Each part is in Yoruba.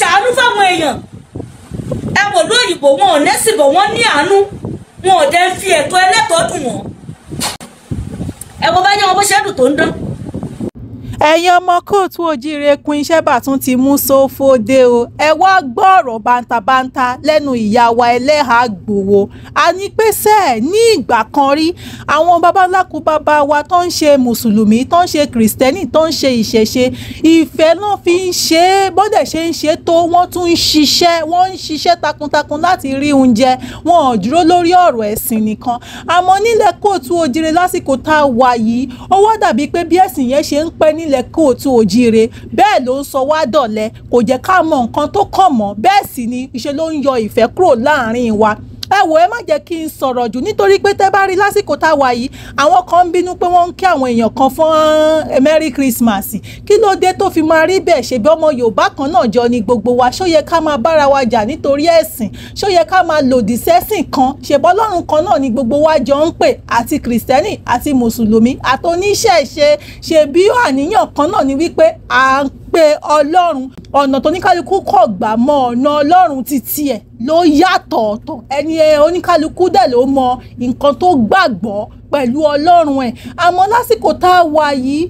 ṣàánú fáwọn èèyàn ẹ wò lóyìnbó wọn ò lẹ́sìnbọ̀ wọ́n ní àánú wọn ò dẹ́ fi ẹ̀tọ́ ẹlẹ́tọ̀ọ́ dùn wọ́n ẹ wo bá yẹ wọn bó ṣe dùn tó ń dán ẹ̀yin ọmọ kóòtù òjíire kun iṣẹ́ bàtún ti mú sófo dé o ẹ wá gbọ́ ọ̀rọ̀ bàǹtàbàǹtà lẹ́nu ìyá wa ẹlẹ́hàá gbòòwò a ní pé sẹ́ẹ̀ ní ìgbà kan rí àwọn babaláku bàbá wa tó ń ṣe mùsùlùmí tó ń ṣe kìrìsìtẹ́nì tó ń ṣe ìṣẹ̀ṣe ìfẹ́ náà fi ń ṣe é bọ́dẹ̀ ṣe ń ṣe tó wọ́n tún ń ṣiṣẹ́ wọ́n ń ṣiṣẹ́ takuntakun láti rí oúnjẹ wọn ò dúró lórí ọ̀rọ̀ ẹ̀sìn nìkan àmọ́ nílẹ̀ kóòtù òjíire lásìkò tá a wà yìí ó wá dàbí pé bí ẹ̀sìn yẹn ṣe ń pẹ́ ní nílẹ̀ kó o tó o jíire bẹ́ẹ̀ ló ń sọ wá dọ̀lẹ kò jẹ́ ká mọ nǹkan tó kàn mọ́ bẹ́ẹ̀ sì ni ìṣe ló ń yọ ìfẹ́ kúrò láàrin wa ẹ wò ẹ má jẹ́ kí n sọ̀rọ̀ jù nítorí pé tẹ́ bá rí lásìkò tá a wà yìí àwọn kan ń bínú pé wọ́n ń kí àwọn èèyàn kan fún eh, merry christmas kí ló dé tó fi máa rí bẹ́ẹ̀ ṣe bí ọmọ yorùbá kan náà jọ ni gbogbo wa ṣó yẹ ká máa bára wa jà nítorí ẹ̀sìn ṣó yẹ ká máa lòdì sẹ́sìn kan ṣèbọ́ lọ́run kan náà ni gbogbo wa jọ ń pè àti kìrìsìtẹ́nì àti mùsùlùmí àtòníṣẹ̀ṣe ṣe bí àníyàn kan náà ni wípé à ń pé ọlọ́run ọ̀nà tó oníkálukú kọ̀ gbà mọ ọ̀nà ọlọ́run ti tiẹ̀ ló yàtọ̀ ọ̀tọ̀ ẹni oníkálukú dẹ̀ ló mọ nǹkan tó gbàgbọ́ pẹ̀lú ọlọ́run ẹ̀ àmọ́ lásìkò tá a wà yìí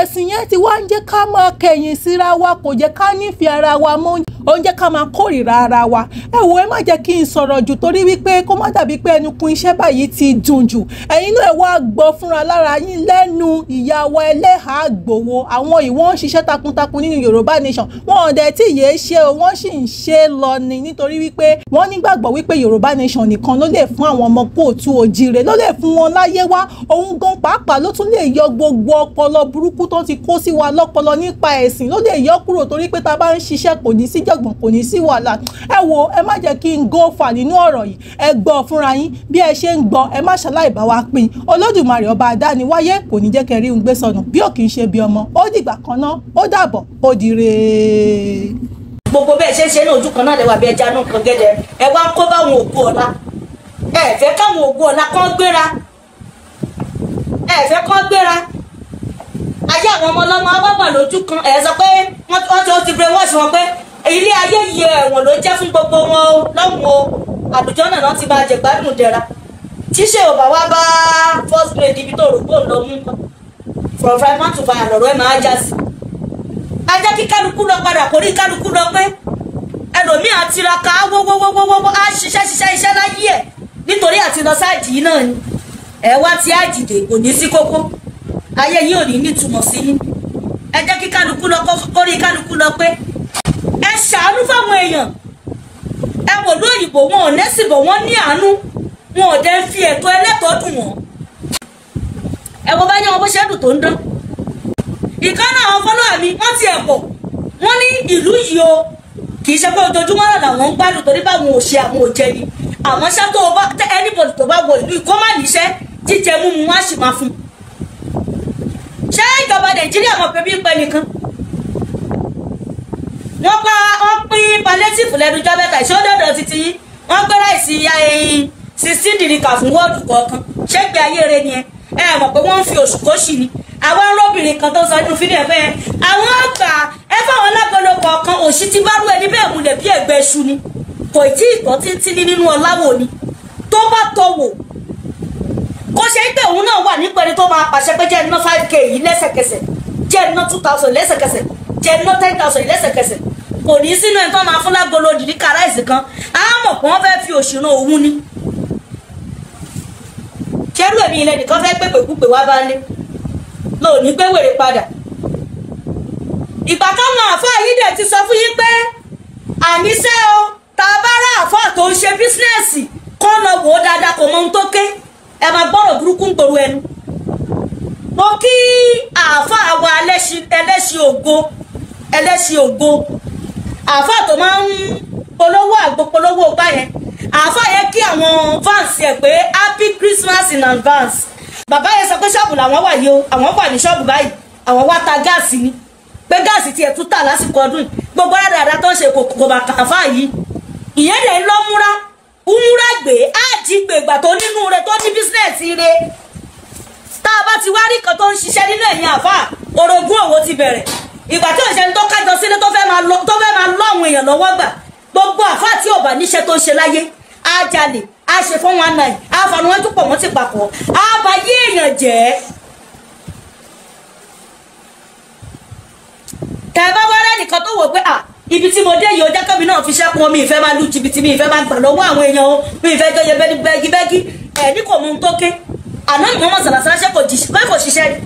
ẹ̀sìn yẹn ti wá ń jẹ́ ká máa kẹ̀yìn síra wa kò jẹ́ ká nífẹ̀ẹ́ ara wa mọ́ ó ń jẹ́ ká máa kórìíra ara wa ẹ wo ẹ má jẹ́ kí n sọ̀rọ̀ jù torí wípé kó má dàbí pé ẹnukun iṣẹ́ báyìí ti dùn jù ẹ̀yin náà ẹ wá gbọ́ fúnra lára yín lẹ́nu ìyàwó ẹlẹ́hàá gbòwó àwọn ìwọ́n ń ṣiṣẹ́ takuntakun nínú Yorùbá nation wọn ò dẹ̀ tí yéé ṣe o wọ́n sì ń ṣe lọ ni nítorí wípé wọ́n nígbàgbọ́ wípé Yorùbá nation nìkan ló lè fún àwọn ọmọ kóòtù òjìrè ló lè fún wọn láyé wá òun gan pàápàá ló tún lè yọ gbogbo ọpọlọ burúkú tó ti kó sí wa lọ́pọlọ nípa ẹ̀sìn ló lè yọ kúrò torí pé ta bá ń ṣiṣẹ́ kò ní síjọ ṣọ̀gbọ̀n kò ní sí wàhálà ẹ wo ẹ má jẹ́ kí n go fà nínú ọ̀rọ̀ yìí ẹ gbọ́ fúnra yín bí ẹ ṣe ń gbọ́ ẹ má ṣaláì bá wa pín olódùmarè ọba àdániwáyé kò ní jẹ́ kẹ́ rí un gbé sọnù bí ò kì í ṣe bí ọmọ ó dìgbà kan náà ó dàbọ̀ ó dire. gbogbo bẹ́ẹ̀ ṣe ń ṣe ní ojú kan náà lẹ́wà bí ẹja nǹkan gẹ́gẹ́ ẹ wá ń kó báwọn òkú ọ̀la ẹ fẹ́ káwọn òkú ọ̀la kan gbéra ẹ fẹ́ kan gbéra ayé àwọn ọmọ ọlọ́mọ awọ́bọ̀ lójú kan ẹ̀ sọ pé wọ́n ti brainwash wọn pé ilé ayé yẹ ẹ̀wọ̀n ló jẹ́ fún gbogbo wọn o lọ́hùn o náà ti máa jẹ gbádùn dẹra tíṣe ò bá wá bá first grade ibi tó rò pé lọ mú from five man to five lọ̀rọ̀ ẹ̀ máa já sí a kí kálukú lọ padà kò rí kálukú lọ pé ẹlòmíì á tiraka wọ́wọ́wọ́wọ́wọ́ á ṣiṣẹ́ ṣiṣẹ́ iṣẹ́ láyé ẹ̀ nítorí àti lọ sáàjì yìí náà ni ẹ wá tí á dìde kò ní sí kókó ayé yìí ò ní nítumọ̀ sí yín ẹ kí kálukú lọ kó kálukú lọ pé ẹ ṣàánú fáwọn èèyàn ẹ wò lóyìnbó wọn ò nẹ́sìbò wọn ní àánú wọn ò dẹ̀ fi ẹ̀tọ́ ẹlẹ́tọ́ dùn wọn ẹ wo bá yẹ wọn bó ṣe dùn tó ń dán ìkan náà àwọn fọlọ́wà mi wọ́n ti ẹ̀bọ̀ wọ́n ní ìlú yìí o kì í ṣe pé ojoojúmọ́ náà làwọn ń gbádùn torí báwọn ò ṣe àwọn ò jẹ ni àwọn iṣẹ́ tó bá anybody tó bá wọ ìlú ìkọ́ má níṣẹ́ jíjẹ mímu wọn á sì máa fún un ṣé ìjọba nàìjíríà mọ̀ pé bí ń pẹ́ nìkan wọ́n pa wọ́n pín palliative lẹ́nu jọ́ mẹ́ta ìṣódòdò títí wọ́n gbé ráìsì ẹyin sixteen dìríkà fún wọ́ọ̀dù kọ̀ọ̀kan ṣẹ́gbẹ́ ayé rẹ ni ẹ ẹ mọ̀ pé wọ́n ń fi oṣù kóṣì ni àwọn arábìnrin kan tó sọ nínú fídíò ẹ̀fẹ́ yẹn àwọn àgbà ẹ fáwọn lágbọ́dọ̀ kọ̀ọ̀kan òṣì ti bá rú ẹni bẹ́ẹ̀ múlẹ̀ bí ẹ̀gbẹ́ ṣu ni kò tí ì tọ́ títí nínú ọláwò ni tó bá tọwò kó ṣe pé òun náà wà nípa ẹni tó máa pàṣẹ pé jẹ́ iná five k yìí lẹ́sẹ̀kẹsẹ̀ jẹ́ iná two thousand lẹ́sẹ̀kẹsẹ̀ jẹ́ iná ten thousand lẹ́sẹ̀kẹsẹ̀ kò ní sínú ẹ̀ tó máa fún lágbolo dìdí kàráìsì kan á mọ̀ pé wọ́n fẹ́ẹ́ fi òṣìrán òun ni ṣerú èmi ilẹ̀ nìkan fẹ́ pèpè púpè wá bá lé lóò ní pé wèrè padà ìgbà táwọn àfọ ayídẹ ti sọ fún yín pé àníṣe o tá a bá rà àfọ tó ń ṣe bísínẹ́sì kọ́ lọ wò ó dáadáa kò mọ ohun tó ké ẹ máa gbọ́rọ̀ burúkú ń gbòòrò ẹnu mo kí àfọ àwọn ẹlẹ́ṣin ògo ẹlẹ́ṣin ògo àáfà tó máa ń polówó àgbo polówó ọgbà yẹn àáfà yẹn kí àwọn fans yẹ pé happy christmas in advance bàbá yẹn sọ pé ṣọ́ọ̀bù làwọn wà yìí o àwọn wà ní ṣọ́ọ̀bù báyìí àwọn wá ta gáàsì ni pé gáàsì tiẹ̀ tún tà lásìkò ọdún gbogbo dáadáa tó ń ṣe kòkòkò bàtà àáfà yìí ìyẹn rẹ̀ ń lọ múra múra gbé áàjì gbègbà tó nínú rẹ̀ tó ní bísínẹ̀sì rẹ̀ tá a bá ti wá rí kan tó ń ṣiṣẹ́ nínú ẹ̀yìn àáfà orogún òwò ti bẹ̀rẹ̀ ìgbà tí òṣèlú tó kájọ sílé tó fẹ́ máa lọ àwọn èèyàn lọ́wọ́ gbà gbogbo àfa àti ọ̀bà níṣẹ́ tó ń ṣe láyé ajalè àṣẹ fún wọn àfààní wọn túpọ̀ wọn ti papọ̀ àbáyé èèyàn jẹ́ tẹ̀bá wọlé nìkan tó wò pé à ibi tí mo dé yìí ọjọ́ kẹ́mi náà fi ṣẹ́kun omi ìfẹ́ máa lu jìbìtì mi ìfẹ́ máa gbà lọ́wọ́ àwọn èèyàn o mi ìfẹ́ jọ yẹ bẹ́gibẹ́gi ẹ̀ ní kò mú un tó ké àná ìmọ̀ mọ̀ sàlàsàlà ṣe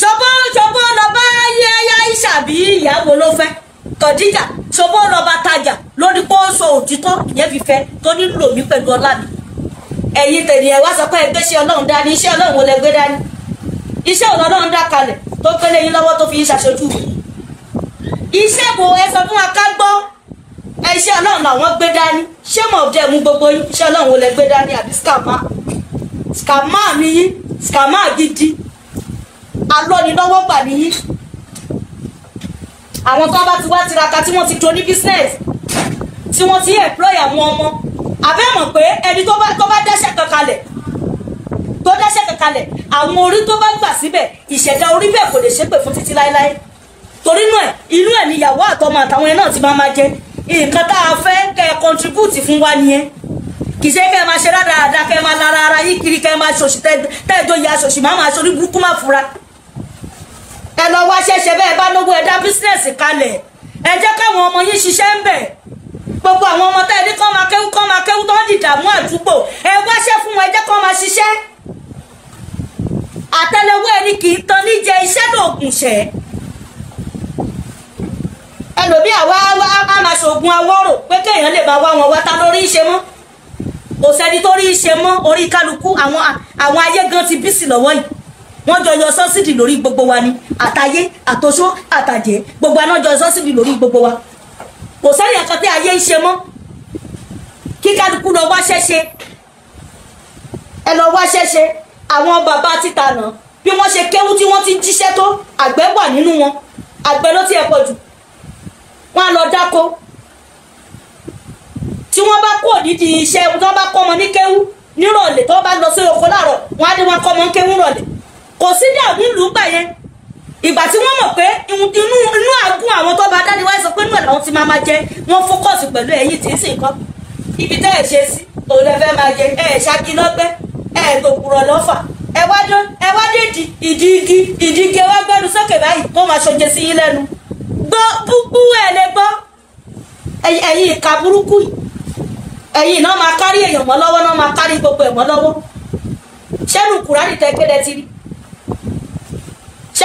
ṣọgbọ́n ṣọgbọ́n lọ bá yẹ ẹyá ìṣàbí ìyàwó ló fẹ́ kọ̀díjà ṣọgbọ́n lọ bá tajà lórí pé ó sọ òtítọ́ ìyẹn fi fẹ́ tó nílò mí pẹ̀lú ọlá mi ẹ̀yin tèmi ẹ̀ wá sọ pé ẹgbẹ́ iṣẹ́ ọlọ́run dání iṣẹ́ ọlọ́run wọlé gbé dání iṣẹ́ ọlọ́run dá kalẹ̀ tó gbélé yín lọ́wọ́ tó fi yín ṣàṣojú mi iṣẹ́ wo ẹ sọ fún wa ká gbọ́ iṣẹ́ ọlọ́run làwọn gbé dání ṣé mo jẹ́ mu gbogbo yín iṣẹ́ ọlọ́run wọlé gbé dání àbí skama skama mi yín skama gidi alọ́nilọ́wọ́ gbà nìyí àwọn tó bá ti wá tiraka tí wọ́n ti do ní business tí wọ́n ti employ àwọn ọmọ àbẹ́ mọ̀ pé ẹni tó bá tó bá dẹ́sẹ̀ kankalẹ̀ tó dẹ́sẹ̀ kankalẹ̀ àwọn orí tó bá gbà síbẹ̀ ìṣẹ̀dá orí bẹ́ẹ̀ kò lè ṣépè fún títí láéláé torí náà ẹ̀ inú ẹ̀ níyàwó àtọmọ àtàwọn ẹ̀ náà ti máa máa jẹ nǹkan tá a fẹ́ kẹ́ ẹ contribute fún wa nìyẹn kì í ṣe kẹ́ ẹ máa ṣe rádaràda kẹ́ ẹ máa lára ara yín kiri kẹ́ ẹ máa ṣòṣì tẹ́ẹ̀dọ́ ìyá ṣòṣì máa máa ṣorí burúkú máa fura ẹ lọ wá ṣẹṣẹ bẹ́ẹ̀ bá lówó ẹ dá bísínẹsì kalẹ̀ ẹ jẹ́ káwọn ọmọ yín ṣiṣẹ́ ń bẹ gbogbo àwọn ọmọ tẹ́ẹ̀ ní kọ́ máa kéwú kọ́ máa kéwú tó ń dìdààmú àdúgbò ẹ wáṣẹ́ fún wọn ẹ jẹ́ kọ́ máa ṣiṣẹ́ àtẹ́lẹwọ́ ẹni kì í tan níjẹ iṣẹ́ lóògùn ṣẹ́ ẹlòmí àwa wá á máa ṣoògùn awọ́rò pé kéèyàn lè máa wá wọn wá ta lórí ìṣe mọ́ kò sẹ́ni tó rí ìṣe mọ́ orí kálukú àwọn ayé gan ti bí sí lọ́wọ́ yìí wọ́n jọ yọ sọ́sìdì lórí gbogbo wa ni àtayé àtọṣọ́ àtàjẹ́ gbogbo aná jọ sọ́sìdì lórí gbogbo wa kò sẹ́yìn ẹ̀kan tí ayé ń ṣe mọ́ kí kálukú lọ wá ṣẹ́ṣe ẹ lọ wá ṣẹ́ṣe àwọn bàbá títa náà bí wọ́n ṣe kéwú tí wọ́n ti jíṣẹ́ tó àgbẹ̀ wà nínú wọn àgbẹ̀ ló ti ẹ̀ pọ̀ jù wọ́n á lọ dáko tí wọ́n bá kú òdìdí iṣẹ́ tí wọ́n bá kọ́ ọmọ ní kéwú nírọ̀lẹ́ tí wọ́n bá lọ sí oko láàárọ̀ wọ́n á dé wọn kọ́ ọmọ ń kéwú rọ̀lẹ́ kò sí dàbí ìlú gbà yẹn ìgbà tí wọ́n mọ̀ pé inú inú àgún àwọn tó bá dáni wáyé sọ pé nígbà làwọn ti máa máa jẹ wọ́n fókọ̀sì pẹ̀lú ẹ̀yìn tí ń sìn kọ́ ibi tẹ́ ẹ̀ ṣe sí òun lè fẹ́ máa jẹ ẹ̀ ṣáàkì lọ́gbẹ́ ẹ̀ gbòkùrọ̀ lọ́fà ẹ wá dé ẹ wá dé ìdí ìdí igi ìdí igi ẹ wá gbẹ́nu sókè báyìí wọ́n máa ṣoje sí yín lẹ́nu gbọ́ púpú ẹ̀ lè gbọ́ ẹ̀yìn ìka burúkú ẹ̀yìn náà máa kárí èèyàn mọ́ lọ́wọ́ náà máa kárí gbogbo ẹ̀ mọ́ lọ́wọ́ ṣẹ́nu kùránì tẹ́gbẹ́dẹ́ ti rí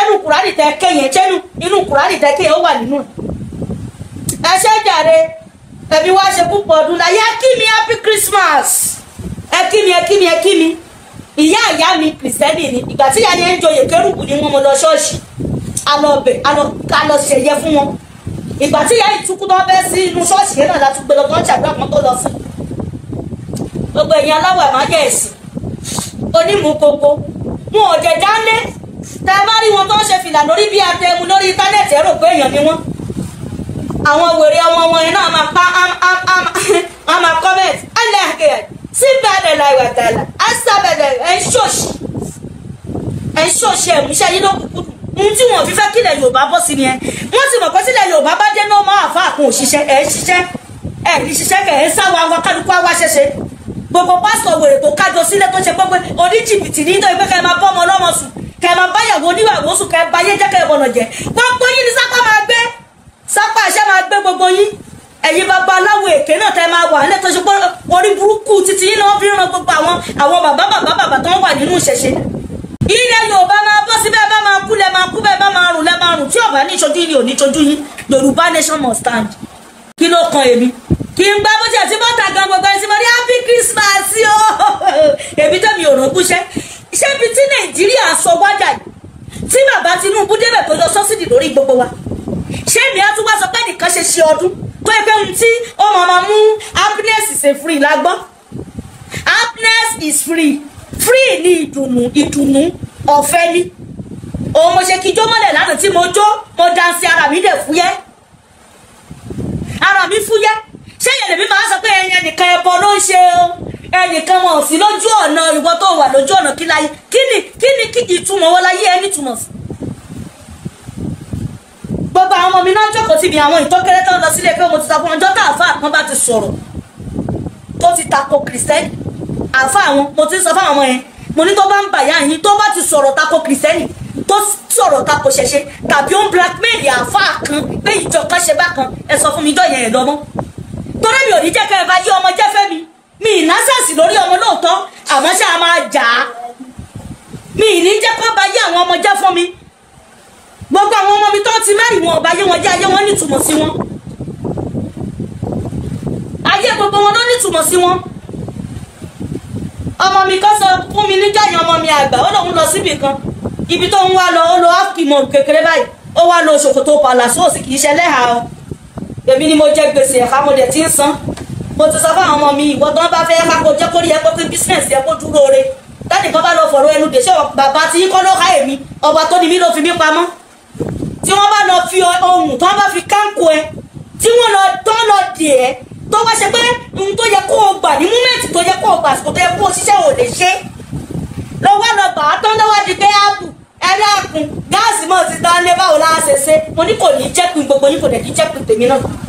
ṣẹ́nu kùránì tẹ kéyẹn ṣẹ́nu inú kùránì tẹ kéyẹn ó wà nínú ẹ ṣe jàre ẹ̀mí wá ṣe púpọ̀ ọdún láyé kí mi happy christmas ẹ kí mi ẹ kí mi ẹ kí mi ìyá ìyá mi kìrìsìtẹ́nì ni ìgbà tí ìyá ni ẹ ń joyè kérúkù ni wọ́n mọ lọ ṣọ́ọ̀ṣì alọ́bẹ̀ alọ́ ṣẹ̀yẹ fún wọn ìgbà tí ìyá ìtukú tó bẹ́ sí inú ṣọ́ọ̀ṣì yẹn náà láti gbé lọ tó ṣàgbé àpọ́n tó lọ sí gbogbo ẹ̀yin aláwọ̀ ẹ̀ má jẹ́ ẹ̀sìn onímù gbogbo wọn ò jẹ dálé tẹ bá rí wọn tó ń ṣe fìlà lórí bí atẹmu lórí íńtánẹ́ẹ̀tì ẹ̀rọ pé èèyàn ni wọ́n àwọn wèrè ọmọ wọn yẹn náà máa pa á máa comment ẹlẹ́kẹ̀ẹ́ síbẹ̀rẹ̀ láìwà dàlà ẹsẹ̀bẹ̀rẹ̀ ẹ̀ ń ṣòṣì ẹ̀ ń ṣòṣì ẹ̀ mú iṣẹ́ yín ló kúkú ohun tí wọn ò fi fẹ́ kílẹ̀ Yorùbá bọ́ sí ni ẹ wọ́n sì mọ̀ pé sílẹ̀ Yorùbá bá dé náà máa fa àkùn òṣìṣẹ́ ẹ̀ ń ṣiṣẹ́ ẹ̀ ní ṣiṣẹ́ kẹ̀ ẹ̀ ń sáwọ́ àwọn kálukú àwa ṣẹṣẹ gbogbo pásítọ̀ wèrè tó kájọ sílẹ̀ tó ṣe pé pé oníjìbìtì ní ìtọ́ ìpẹ́kẹ́ máa bọ́ ọmọ ọlọ́mọ sùn kẹ máa báyàwó oníwàwó sùn kẹ báyé jẹ́ kẹ bọ̀nà jẹ́ gbogbo yín ni sápá máa gbé sápá àṣẹ máa gbé gbogbo yín ẹ̀yin bàbá aláwọ̀ èké náà tẹ́ máa wà nílẹ̀ tó ṣe pé orí burúkú títí yín náà fi ràn gbogbo àwọn àwọn bàbá bàbá bàbá tó ń wà nínú ìṣẹ̀ṣe ilẹ̀ yorùbá máa bọ́ síbẹ̀ bá máa kú lẹ̀ máa kú bẹ́ẹ̀ bá máa rùn lẹ́ máa rùn tí ọ̀bá ní ìṣojú yìí ní ìṣojú yìí yorùbá nation must stand kí ló kan èmi kí n gbá bó tiẹ̀ tí bọ́ta gan gbogbo ẹ̀ sí mo ní happy christmas yóò èmi tẹ́mi ò rọ́gbúṣẹ́ ṣébi tí nàìjíríà sọ wájà yìí tí bàbá Tinubu débẹ̀ tó yọ sọ́sídì lórí gbogbo wa ṣébi á tún wá sọ pé nìkan ṣe ṣe ọdún tó ẹgbẹ́ ohun tí ó máa máa mú happiness is free la happiness is free free ni ìdùnnú ìdùnnú ọ̀fẹ́ ni òun mo ṣe kí jó mọ́lẹ̀ lánàá tí mo jó mo dansi ara mi dẹ̀ fúyẹ́ ara mi fúyẹ́ ṣé yẹn lèmi máa sọ pé ẹyẹ nìkan ẹbọ ló ń ṣe o ẹnìkan wọn ò sí lójú ọ̀nà ìwọ tó wà lójú ọ̀nà kí láyé kí ni kí ni kí ìtumọ̀ wọn láyé ẹni túmọ̀ sí. gbogbo àwọn ọmọ mi náà jókòó síbi àwọn ìtọ́kẹ́rẹ́ tó ń lọ sílé pé mo ti sọ fún ọjọ́ tá àfa àpọ́n bá ti sọ̀rọ̀ tó ti tako kìrìsẹ́nì àfa àwọn mo ti sọ fáwọn ọmọ yẹn mo ní tó bá ń bàyà yín tó bá ti sọ̀rọ̀ tako kìrìsẹ́nì tó sọ̀rọ̀ tako ṣẹ̀ṣẹ̀ tàbí ó ń blackmail àfa kan pé ìjọ kan ṣe bákan ẹ sọ fún mi dọ́yẹ̀ ẹ̀ lọ́mọ́ torí mi ò ní jẹ́ kẹ́ ẹ bá yí ọmọ jẹ́ fẹ́ mi mi ì násẹ̀sì lórí ọmọ lóòótọ́ àmọ́ a máa jà á mi ì ní jẹ́ kó bá yé àwọn ọmọ jẹ́ fún mi gbogbo àwọn ọmọ mi tó ti mẹ́rì wọn ọba yé wọn jẹ́ ayé wọn nítumọ̀ sí wọn ayé gbogbo wọn ló nítumọ̀ sí wọn ọmọ mi kọ́ sọ fún mi níjọ́ yẹn ọmọ mi àgbà ó lóun lọ síbì kan ibi tó ń wá lọ ó lọ áfìmọ̀ kékeré báyìí ó wá lọ ṣòkòtò pàlà sóòsì kì í ṣe lẹ́hàá o èmi ni mo jẹ gbèsè ẹ̀ka mo dẹ̀ ti ń san mo ti sọ fáwọn ọmọ mi ìwọ tó ń bá fẹ́ kákó jẹ́ kórìí ẹ̀kọ́ pé bísínẹ̀sì ẹ̀kọ́ dúró re tẹ́nìkan bá lọ fọ̀rọ̀ ẹnu dè ṣé bàbá tí kọ́ ló ká èmi ọba tó ni mí ló fi mí pamọ́ tí wọ́n bá lọ fi ohun tí wọ́n bá fi kánkó ẹ tí wọ́n lọ tó lọ dè ẹ́ tó wá ṣe pé ohun tó yẹ kó o gbà ní múmẹ́ǹtì tó yẹ kó o gbà àsìkò tó yẹ kó o ṣiṣẹ́ ò lè ṣe lọ́wọ́ lọ bà á tán lọ́wọ́ di pé áàbù ẹ̀rọ àkùn gáàsì mọ́ ti tán lé báwo láà ṣe ṣe mo ní kò ní jẹ́kùn gbogbo yín kò dẹ̀ ní jẹ́kùn tèmi náà